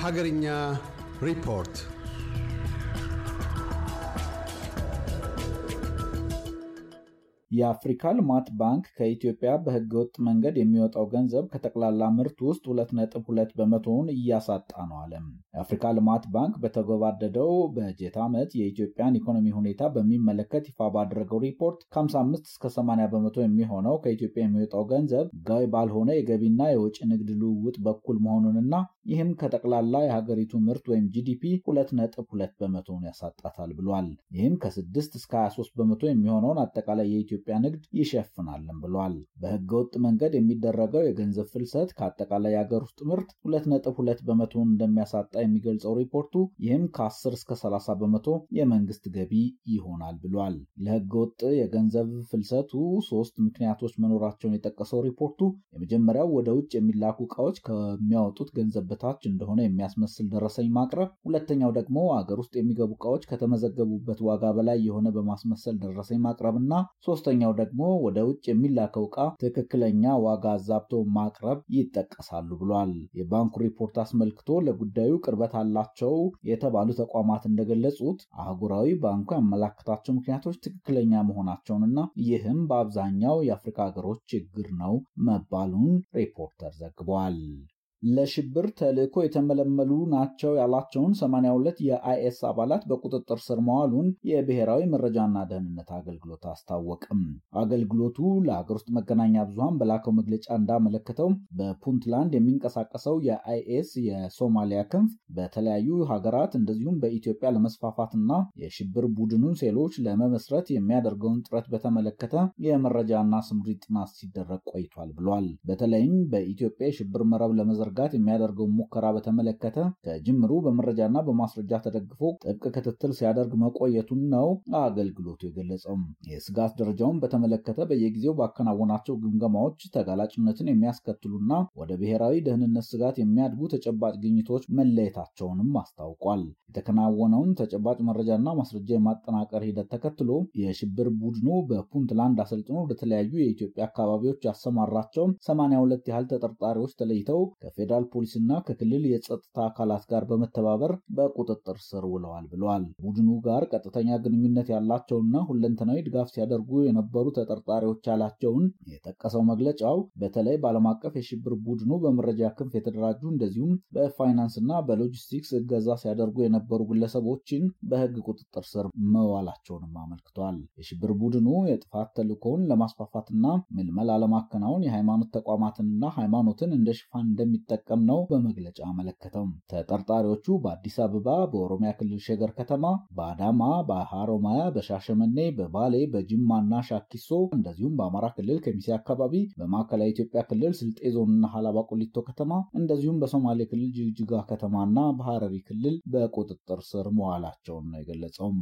Hagarinya Report የአፍሪካ ልማት ባንክ ከኢትዮጵያ በህገወጥ መንገድ የሚወጣው ገንዘብ ከጠቅላላ ምርት ውስጥ 2.2 በመቶውን እያሳጣ ነው አለም። የአፍሪካ ልማት ባንክ በተገባደደው በጀት ዓመት የኢትዮጵያን ኢኮኖሚ ሁኔታ በሚመለከት ይፋ ባደረገው ሪፖርት ከ55 እስከ 80 በመቶ የሚሆነው ከኢትዮጵያ የሚወጣው ገንዘብ ህጋዊ ባልሆነ የገቢና የውጭ ንግድ ልውውጥ በኩል መሆኑንና ይህም ከጠቅላላ የሀገሪቱ ምርት ወይም ጂዲፒ ሁለት ነጥብ ሁለት በመቶውን ያሳጣታል ብሏል። ይህም ከ6 እስከ 23 በመቶ የሚሆነውን አጠቃላይ የኢትዮጵያ ንግድ ይሸፍናልም ብሏል። በህገወጥ መንገድ የሚደረገው የገንዘብ ፍልሰት ከአጠቃላይ የሀገር ውስጥ ምርት ሁለት ሁለት በመቶውን እንደሚያሳጣ የሚገልጸው ሪፖርቱ ይህም ከ10 እስከ 30 በመቶ የመንግስት ገቢ ይሆናል ብሏል። ለህገወጥ የገንዘብ ፍልሰቱ ሶስት ምክንያቶች መኖራቸውን የጠቀሰው ሪፖርቱ የመጀመሪያው ወደ ውጭ የሚላኩ እቃዎች ከሚያወጡት ገንዘብ በታች እንደሆነ የሚያስመስል ደረሰኝ ማቅረብ፣ ሁለተኛው ደግሞ አገር ውስጥ የሚገቡ እቃዎች ከተመዘገቡበት ዋጋ በላይ የሆነ በማስመሰል ደረሰኝ ማቅረብ እና ሶስተኛው ደግሞ ወደ ውጭ የሚላከው እቃ ትክክለኛ ዋጋ አዛብቶ ማቅረብ ይጠቀሳሉ ብሏል። የባንኩ ሪፖርት አስመልክቶ ለጉዳዩ ቅርበት አላቸው የተባሉ ተቋማት እንደገለጹት አህጉራዊ ባንኩ ያመላክታቸው ምክንያቶች ትክክለኛ መሆናቸውንና ይህም በአብዛኛው የአፍሪካ ሀገሮች ችግር ነው መባሉን ሪፖርተር ዘግቧል። ለሽብር ተልእኮ የተመለመሉ ናቸው ያላቸውን 82 የአይኤስ አባላት በቁጥጥር ስር መዋሉን የብሔራዊ መረጃና ደህንነት አገልግሎት አስታወቅም። አገልግሎቱ ለሀገር ውስጥ መገናኛ ብዙሃን በላከው መግለጫ እንዳመለከተው በፑንትላንድ የሚንቀሳቀሰው የአይኤስ የሶማሊያ ክንፍ በተለያዩ ሀገራት እንደዚሁም በኢትዮጵያ ለመስፋፋትና የሽብር ቡድኑን ሴሎች ለመመስረት የሚያደርገውን ጥረት በተመለከተ የመረጃና ስምሪት ጥናት ሲደረግ ቆይቷል ብሏል። በተለይም በኢትዮጵያ የሽብር መረብ ለመዘርጋ ለማስወጋት የሚያደርገውን ሙከራ በተመለከተ ከጅምሩ በመረጃና በማስረጃ ተደግፎ ጥብቅ ክትትል ሲያደርግ መቆየቱን ነው አገልግሎቱ የገለጸው። የስጋት ደረጃውን በተመለከተ በየጊዜው ባከናወናቸው ግምገማዎች ተጋላጭነትን የሚያስከትሉና ወደ ብሔራዊ ደህንነት ስጋት የሚያድጉ ተጨባጭ ግኝቶች መለየታቸውንም አስታውቋል። የተከናወነውን ተጨባጭ መረጃና ማስረጃ የማጠናቀር ሂደት ተከትሎ የሽብር ቡድኑ በፑንትላንድ አሰልጥኖ ወደተለያዩ የኢትዮጵያ አካባቢዎች ያሰማራቸው 82 ያህል ተጠርጣሪዎች ተለይተው ከፌዴራል ፖሊስና ከክልል የጸጥታ አካላት ጋር በመተባበር በቁጥጥር ስር ውለዋል ብለዋል። ቡድኑ ጋር ቀጥተኛ ግንኙነት ያላቸውና ሁለንተናዊ ድጋፍ ሲያደርጉ የነበሩ ተጠርጣሪዎች ያላቸውን የጠቀሰው መግለጫው በተለይ በዓለም አቀፍ የሽብር ቡድኑ በመረጃ ክንፍ የተደራጁ እንደዚሁም በፋይናንስና በሎጂስቲክስ እገዛ ሲያደርጉ የነበሩ ግለሰቦችን በህግ ቁጥጥር ስር መዋላቸውንም አመልክቷል። የሽብር ቡድኑ የጥፋት ተልእኮውን ለማስፋፋትና ምልመላ ለማከናወን የሃይማኖት ተቋማትንና ሃይማኖትን እንደ ሽፋን እንደሚ እንደሚጠቀም ነው በመግለጫ አመለከተው። ተጠርጣሪዎቹ በአዲስ አበባ፣ በኦሮሚያ ክልል ሸገር ከተማ፣ በአዳማ፣ በሐሮማያ፣ በሻሸመኔ፣ በባሌ፣ በጅማና ሻኪሶ እንደዚሁም በአማራ ክልል ከሚሴ አካባቢ፣ በማዕከላዊ ኢትዮጵያ ክልል ስልጤ ዞንና ሀላባ ቆሊቶ ከተማ እንደዚሁም በሶማሌ ክልል ጅግጅጋ ከተማና በሐረሪ ክልል በቁጥጥር ስር መዋላቸውን ነው የገለጸውም።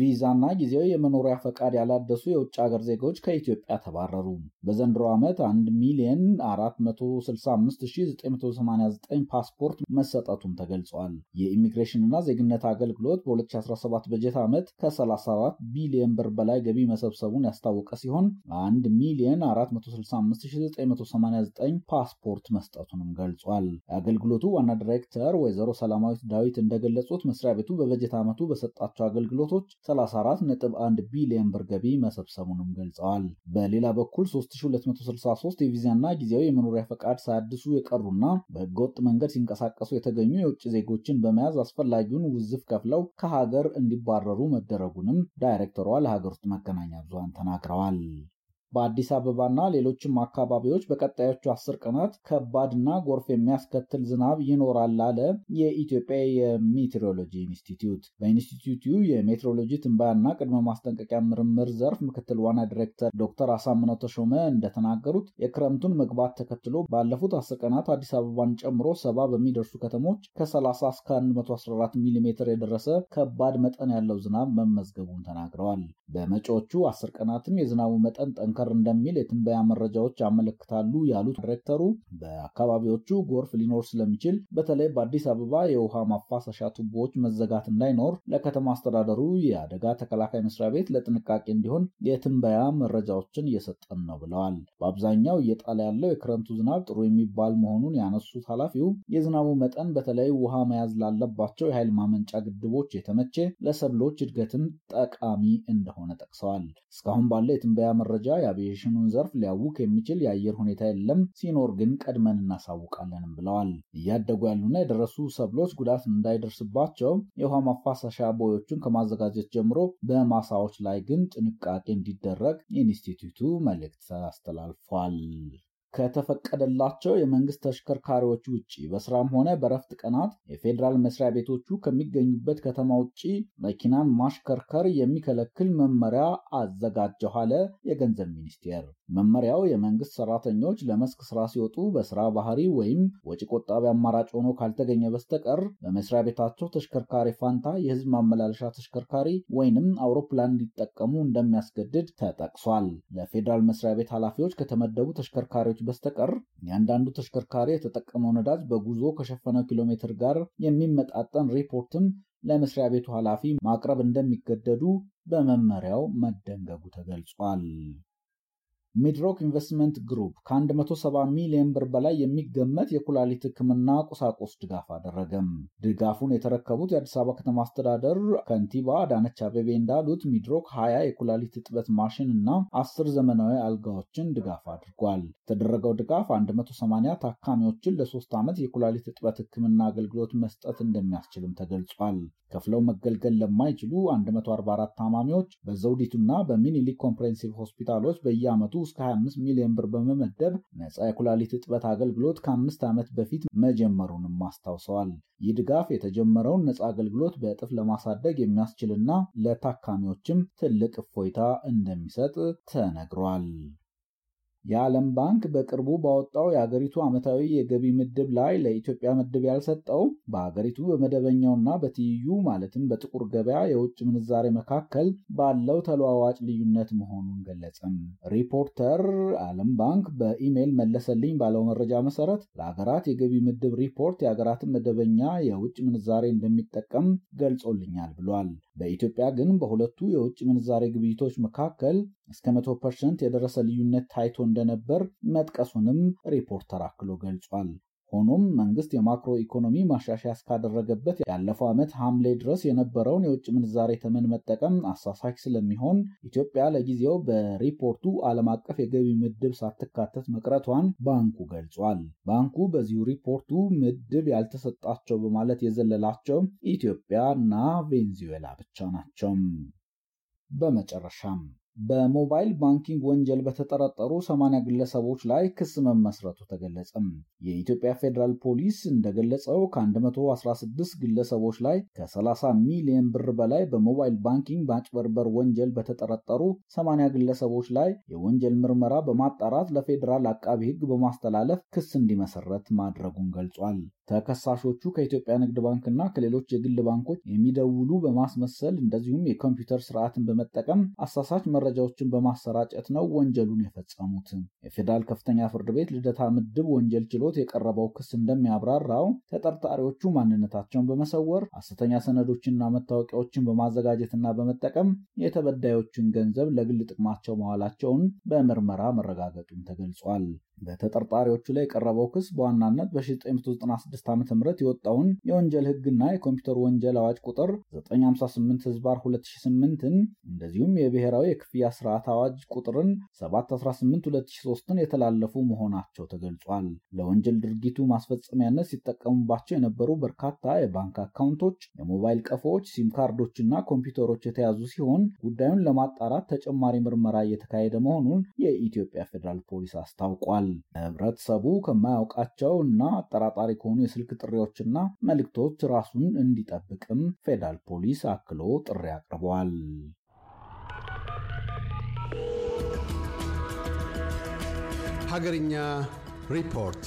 ቪዛና ጊዜያዊ የመኖሪያ ፈቃድ ያላደሱ የውጭ ሀገር ዜጋዎች ከኢትዮጵያ ተባረሩ። በዘንድሮ ዓመት 1 ሚሊዮን 465 189 ፓስፖርት መሰጠቱም ተገልጿል። የኢሚግሬሽንና ዜግነት አገልግሎት በ2017 በጀት ዓመት ከ34 ቢሊዮን ብር በላይ ገቢ መሰብሰቡን ያስታወቀ ሲሆን 1 ሚሊዮን 465989 ፓስፖርት መስጠቱንም ገልጿል። የአገልግሎቱ ዋና ዲሬክተር ወይዘሮ ሰላማዊት ዳዊት እንደገለጹት መስሪያ ቤቱ በበጀት ዓመቱ በሰጣቸው አገልግሎቶች 34.1 ቢሊዮን ብር ገቢ መሰብሰቡንም ገልጸዋል። በሌላ በኩል 3263 የቪዛና ጊዜያዊ የመኖሪያ ፈቃድ ሳያድሱ የቀሩና በህገወጥ መንገድ ሲንቀሳቀሱ የተገኙ የውጭ ዜጎችን በመያዝ አስፈላጊውን ውዝፍ ከፍለው ከሀገር እንዲባረሩ መደረጉንም ዳይሬክተሯ ለሀገር ውስጥ መገናኛ ብዙሃን ተናግረዋል። በአዲስ አበባና ሌሎችም አካባቢዎች በቀጣዮቹ አስር ቀናት ከባድና ጎርፍ የሚያስከትል ዝናብ ይኖራል አለ የኢትዮጵያ የሜትሮሎጂ ኢንስቲትዩት። በኢንስቲትዩቱ የሜትሮሎጂ ትንባያና ቅድመ ማስጠንቀቂያ ምርምር ዘርፍ ምክትል ዋና ዲሬክተር ዶክተር አሳምነው ተሾመ እንደተናገሩት የክረምቱን መግባት ተከትሎ ባለፉት አስር ቀናት አዲስ አበባን ጨምሮ ሰባ በሚደርሱ ከተሞች ከ30 እስከ 114 ሚሜ የደረሰ ከባድ መጠን ያለው ዝናብ መመዝገቡን ተናግረዋል። በመጪዎቹ አስር ቀናትም የዝናቡ መጠን ጠንከር እንደሚል የትንበያ መረጃዎች ያመለክታሉ ያሉት ዳይሬክተሩ በአካባቢዎቹ ጎርፍ ሊኖር ስለሚችል በተለይ በአዲስ አበባ የውሃ ማፋሰሻ ቱቦዎች መዘጋት እንዳይኖር ለከተማ አስተዳደሩ የአደጋ ተከላካይ መስሪያ ቤት ለጥንቃቄ እንዲሆን የትንበያ መረጃዎችን እየሰጠን ነው ብለዋል። በአብዛኛው እየጣለ ያለው የክረምቱ ዝናብ ጥሩ የሚባል መሆኑን ያነሱት ኃላፊው የዝናቡ መጠን በተለይ ውሃ መያዝ ላለባቸው የኃይል ማመንጫ ግድቦች የተመቼ ለሰብሎች እድገትን ጠቃሚ እንደሆነ እንደሆነ ጠቅሰዋል። እስካሁን ባለ የትንበያ መረጃ የአቪዬሽኑን ዘርፍ ሊያውክ የሚችል የአየር ሁኔታ የለም፣ ሲኖር ግን ቀድመን እናሳውቃለንም ብለዋል። እያደጉ ያሉና የደረሱ ሰብሎች ጉዳት እንዳይደርስባቸው የውሃ ማፋሰሻ ቦዮቹን ከማዘጋጀት ጀምሮ በማሳዎች ላይ ግን ጥንቃቄ እንዲደረግ የኢንስቲትዩቱ መልእክት አስተላልፏል። ከተፈቀደላቸው የመንግስት ተሽከርካሪዎች ውጭ በስራም ሆነ በረፍት ቀናት የፌዴራል መስሪያ ቤቶቹ ከሚገኙበት ከተማ ውጭ መኪናን ማሽከርከር የሚከለክል መመሪያ አዘጋጀሁ አለ የገንዘብ ሚኒስቴር። መመሪያው የመንግስት ሰራተኞች ለመስክ ስራ ሲወጡ በስራ ባህሪ ወይም ወጪ ቆጣቢ አማራጭ ሆኖ ካልተገኘ በስተቀር በመስሪያ ቤታቸው ተሽከርካሪ ፋንታ የህዝብ ማመላለሻ ተሽከርካሪ ወይንም አውሮፕላን እንዲጠቀሙ እንደሚያስገድድ ተጠቅሷል። ለፌዴራል መስሪያ ቤት ኃላፊዎች ከተመደቡ ተሽከርካሪዎች በስተቀር እያንዳንዱ ተሽከርካሪ የተጠቀመው ነዳጅ በጉዞ ከሸፈነው ኪሎ ሜትር ጋር የሚመጣጠን ሪፖርትም ለመስሪያ ቤቱ ኃላፊ ማቅረብ እንደሚገደዱ በመመሪያው መደንገጉ ተገልጿል። ሚድሮክ ኢንቨስትመንት ግሩፕ ከ170 ሚሊዮን ብር በላይ የሚገመት የኩላሊት ሕክምና ቁሳቁስ ድጋፍ አደረገም። ድጋፉን የተረከቡት የአዲስ አበባ ከተማ አስተዳደር ከንቲባ አዳነች አቤቤ እንዳሉት ሚድሮክ 20 የኩላሊት እጥበት ማሽን እና 10 ዘመናዊ አልጋዎችን ድጋፍ አድርጓል። የተደረገው ድጋፍ 180 ታካሚዎችን ለሶስት ዓመት የኩላሊት እጥበት ሕክምና አገልግሎት መስጠት እንደሚያስችልም ተገልጿል። ከፍለው መገልገል ለማይችሉ 144 ታማሚዎች በዘውዲቱና በሚኒሊክ ኮምፕሬንሲቭ ሆስፒታሎች በየዓመቱ እስከ 25 ሚሊዮን ብር በመመደብ ነፃ የኩላሊት እጥበት አገልግሎት ከአምስት ዓመት በፊት መጀመሩንም አስታውሰዋል። ይህ ድጋፍ የተጀመረውን ነፃ አገልግሎት በእጥፍ ለማሳደግ የሚያስችልና ለታካሚዎችም ትልቅ እፎይታ እንደሚሰጥ ተነግሯል። የዓለም ባንክ በቅርቡ ባወጣው የአገሪቱ ዓመታዊ የገቢ ምድብ ላይ ለኢትዮጵያ ምድብ ያልሰጠው በአገሪቱ በመደበኛውና በትይዩ ማለትም በጥቁር ገበያ የውጭ ምንዛሬ መካከል ባለው ተለዋዋጭ ልዩነት መሆኑን ገለጸም። ሪፖርተር ዓለም ባንክ በኢሜይል መለሰልኝ ባለው መረጃ መሰረት ለሀገራት የገቢ ምድብ ሪፖርት የሀገራትን መደበኛ የውጭ ምንዛሬ እንደሚጠቀም ገልጾልኛል ብሏል። በኢትዮጵያ ግን በሁለቱ የውጭ ምንዛሬ ግብይቶች መካከል እስከ መቶ ፐርሰንት የደረሰ ልዩነት ታይቶ እንደነበር መጥቀሱንም ሪፖርተር አክሎ ገልጿል። ሆኖም መንግስት የማክሮ ኢኮኖሚ ማሻሻያ እስካደረገበት ያለፈው ዓመት ሐምሌ ድረስ የነበረውን የውጭ ምንዛሬ ተመን መጠቀም አሳሳች ስለሚሆን ኢትዮጵያ ለጊዜው በሪፖርቱ ዓለም አቀፍ የገቢ ምድብ ሳትካተት መቅረቷን ባንኩ ገልጿል። ባንኩ በዚሁ ሪፖርቱ ምድብ ያልተሰጣቸው በማለት የዘለላቸው ኢትዮጵያ እና ቬንዙዌላ ብቻ ናቸው። በመጨረሻም በሞባይል ባንኪንግ ወንጀል በተጠረጠሩ 80 ግለሰቦች ላይ ክስ መመስረቱ ተገለጸም። የኢትዮጵያ ፌዴራል ፖሊስ እንደገለጸው ከ116 ግለሰቦች ላይ ከ30 ሚሊዮን ብር በላይ በሞባይል ባንኪንግ በአጭበርበር ወንጀል በተጠረጠሩ 80 ግለሰቦች ላይ የወንጀል ምርመራ በማጣራት ለፌዴራል አቃቢ ሕግ በማስተላለፍ ክስ እንዲመሰረት ማድረጉን ገልጿል። ተከሳሾቹ ከኢትዮጵያ ንግድ ባንክና ከሌሎች የግል ባንኮች የሚደውሉ በማስመሰል እንደዚሁም የኮምፒውተር ስርዓትን በመጠቀም አሳሳች መረጃዎችን በማሰራጨት ነው ወንጀሉን የፈጸሙት። የፌዴራል ከፍተኛ ፍርድ ቤት ልደታ ምድብ ወንጀል ችሎት የቀረበው ክስ እንደሚያብራራው ተጠርጣሪዎቹ ማንነታቸውን በመሰወር ሐሰተኛ ሰነዶችና መታወቂያዎችን በማዘጋጀትና በመጠቀም የተበዳዮችን ገንዘብ ለግል ጥቅማቸው መዋላቸውን በምርመራ መረጋገጡን ተገልጿል። በተጠርጣሪዎቹ ላይ የቀረበው ክስ በዋናነት በ1996 ዓ ም የወጣውን የወንጀል ህግና የኮምፒውተር ወንጀል አዋጅ ቁጥር 958 ህዝባር 2008ን እንደዚሁም የብሔራዊ የክፍያ ስርዓት አዋጅ ቁጥርን 718 2003 የተላለፉ መሆናቸው ተገልጿል። ለወንጀል ድርጊቱ ማስፈጸሚያነት ሲጠቀሙባቸው የነበሩ በርካታ የባንክ አካውንቶች፣ የሞባይል ቀፎዎች፣ ሲም ካርዶችና ኮምፒውተሮች የተያዙ ሲሆን ጉዳዩን ለማጣራት ተጨማሪ ምርመራ እየተካሄደ መሆኑን የኢትዮጵያ ፌዴራል ፖሊስ አስታውቋል። ይጠይቃል። ህብረተሰቡ ከማያውቃቸው እና አጠራጣሪ ከሆኑ የስልክ ጥሪዎችና መልእክቶች ራሱን እንዲጠብቅም ፌዴራል ፖሊስ አክሎ ጥሪ አቅርቧል። ሀገርኛ ሪፖርት